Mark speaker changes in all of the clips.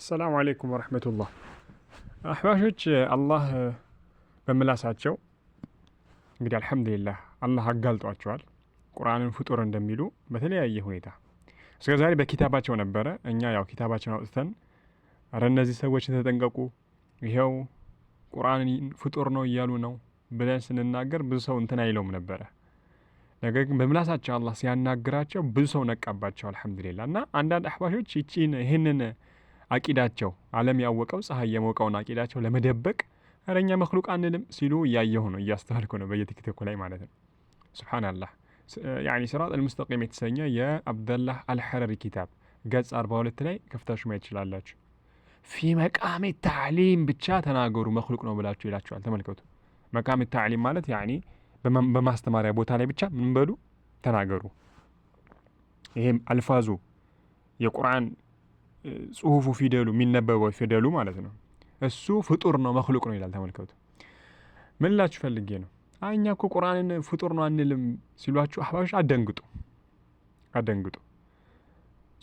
Speaker 1: አሰላሙ አሌይኩም ወረሕመቱላህ። አህባሾች አላህ በምላሳቸው እንግዲህ አልሐምዱሊላህ አላህ አጋልጧቸዋል ቁርአንን ፍጡር እንደሚሉ በተለያየ ሁኔታ እስከ ዛሬ በኪታባቸው ነበረ። እኛ ያው ኪታባቸውን አውጥተን አረ እነዚህ ሰዎችን ተጠንቀቁ ይኸው ቁርአንን ፍጡር ነው እያሉ ነው ብለን ስንናገር ብዙ ሰው እንትን አይለውም ነበረ። ነገር ግን በምላሳቸው አላህ ሲያናግራቸው ብዙ ሰው ነቃባቸው። አልሐምዱሊላ እና አንዳንድ አህባሾች ይህንን አቂዳቸው ዓለም ያወቀው ፀሐይ የሞቀውን አቂዳቸው ለመደበቅ እረኛ መክሉቅ አንልም ሲሉ እያየሁ ነው፣ እያስተዋልኩ ነው በየቲክቶኩ ላይ ማለት ነው። ሱብሓነላህ። ያኒ ሲራጥ አልሙስተቂም የተሰኘ የአብደላህ አልሐረሪ ኪታብ ገጽ 42 ላይ ከፍታችሁ ማየት ይችላላችሁ። ፊ መቃሚ ታዕሊም ብቻ ተናገሩ መክሉቅ ነው ብላችሁ ይላችኋል። ተመልከቱ። መቃሚ ታዕሊም ማለት ያኒ በማስተማሪያ ቦታ ላይ ብቻ ምን በሉ ተናገሩ። ይሄም አልፋዙ የቁርአን ጽሁፉ ፊደሉ የሚነበበው ፊደሉ ማለት ነው። እሱ ፍጡር ነው መክሉቅ ነው ይላል። ተመልከቱ። ምን ላችሁ ፈልጌ ነው እኛ እኮ ቁርአንን ፍጡር ነው አንልም ሲሏችሁ አህባሾች አደንግጡ፣ አደንግጡ።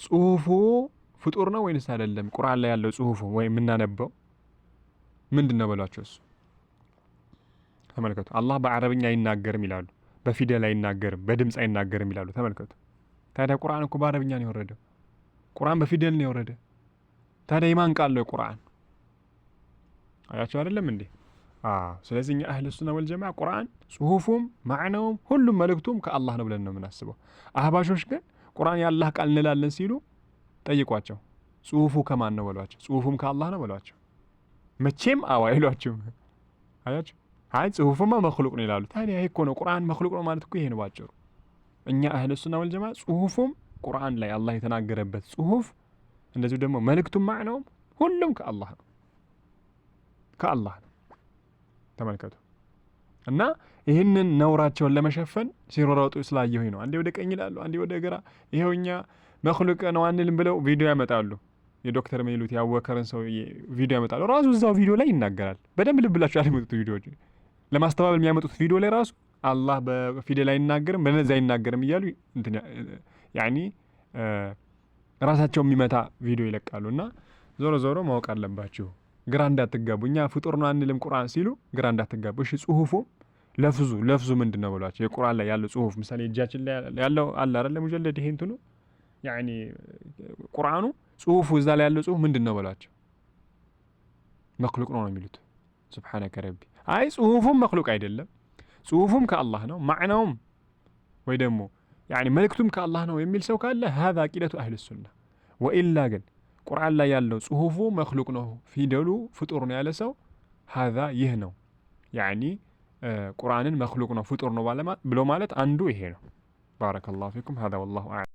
Speaker 1: ጽሁፉ ፍጡር ነው ወይንስ አይደለም? ቁርአን ላይ ያለው ጽሁፉ ወይ የምናነበው ምንድን ነው በሏቸው። እሱ ተመልከቱ። አላህ በአረብኛ አይናገርም ይላሉ፣ በፊደል አይናገርም፣ በድምፅ አይናገርም ይላሉ። ተመልከቱ። ታዲያ ቁርአን እኮ በአረብኛ ነው የወረደው። ቁርአን በፊደል ነው የወረደ። ታዲያ የማን ቃል ነው ቁርአን? አያቸው አይደለም እንዴ? ስለዚህ እኛ አህለ ሱና ወልጀማ ቁርአን ጽሁፉም ማዕናውም ሁሉም መልእክቱም ከአላህ ነው ብለን ነው የምናስበው። አህባሾች ግን ቁርአን የአላህ ቃል እንላለን ሲሉ ጠይቋቸው፣ ጽሁፉ ከማን ነው በሏቸው፣ ጽሁፉም ከአላህ ነው በሏቸው። መቼም አዋ ይሏቸው። አያቸው አይ ጽሁፉማ መክሉቅ ነው ይላሉ። ታዲያ ይሄ እኮ ነው ቁርአን መክሉቅ ነው ማለት እኮ ይሄ ነው ባጭሩ። እኛ አህለ ሱና ወልጀማ ጽሁፉም ቁርአን ላይ አላህ የተናገረበት ጽሁፍ እንደዚሁ ደግሞ መልእክቱም ማዕናውም ሁሉም ከአላህ ነው ከአላህ ነው። ተመልከቱ እና ይህንን ነውራቸውን ለመሸፈን ሲሮረጡ ስላየሁኝ ነው። አንዴ ወደ ቀኝ ይላሉ፣ አንዴ ወደ ግራ። ይኸው እኛ መክሉቅ ነው አንልም ብለው ቪዲዮ ያመጣሉ። የዶክተር የሚሉት ያወከርን ሰው ቪዲዮ ያመጣሉ። ራሱ እዛው ቪዲዮ ላይ ይናገራል። በደንብ ልብላቸው ያለመጡት ቪዲዮዎች ለማስተባበል የሚያመጡት ቪዲዮ ላይ ራሱ አላህ በፊደል አይናገርም በነዚ አይናገርም እያሉ ያኒ ራሳቸው የሚመታ ቪዲዮ ይለቃሉ። እና ዞሮ ዞሮ ማወቅ አለባችሁ፣ ግራ እንዳትጋቡ። እኛ ፍጡር ነው አንልም ቁርአን ሲሉ ግራ እንዳትጋቡ። እሺ ጽሁፉ ለፍዙ ለፍዙ ምንድን ነው ብሏቸው የቁርአን ላይ ያለው ጽሁፍ ምሳሌ እጃችን ላይ ያለው አለ አለ ሙጀለድ ይሄ እንትኑ ያኒ ቁርአኑ ጽሁፉ እዛ ላይ ያለው ጽሁፍ ምንድን ነው ብሏቸው መክሉቅ ነው ነው የሚሉት። ሱብሓነከ ረቢ አይ ጽሁፉም መክሉቅ አይደለም፣ ጽሁፉም ከአላህ ነው ማዕናውም ወይ ደግሞ ያኒ መልእክቱም ከአላህ ነው የሚል ሰው ካለ ሀዛ አቂደቱ አህል ሱና። ወኢላ ግን ቁርአን ላይ ያለው ጽሁፉ መክሉቅ ነው፣ ፊደሉ ፍጡር ነው ያለ ሰው ሀዛ ይህ ነው ያኒ ቁርአንን መክሉቅ ነው ፍጡር ነው ብሎ ማለት አንዱ ይሄ ነው። ባረከ ፊኩም። ሀዛ ወላሁ አዕለም።